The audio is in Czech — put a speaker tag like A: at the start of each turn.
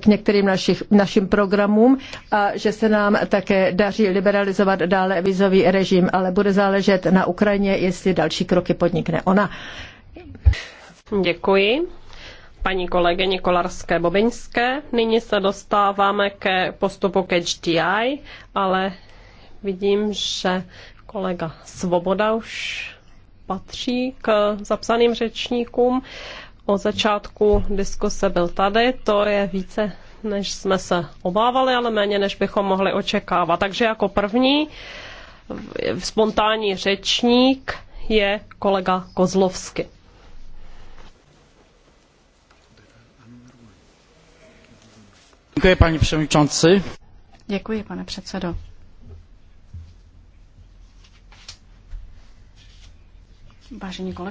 A: k některým našich, našim programům a že se nám také daří liberalizovat dále vizový režim, ale bude záležet na Ukrajině, jestli další kroky podnikne
B: ona. Děkuji. Paní kolegyně Kolarské Bobiňské, nyní se dostáváme ke postupu ke HDI, ale vidím, že kolega Svoboda už patří k zapsaným řečníkům od začátku diskuse byl tady, to je více než jsme se obávali, ale méně než bychom mohli očekávat. Takže jako první spontánní řečník je kolega
C: Kozlovsky. Děkuji, paní předsedající.
D: Děkuji, pane předsedo. Vážení kolegové,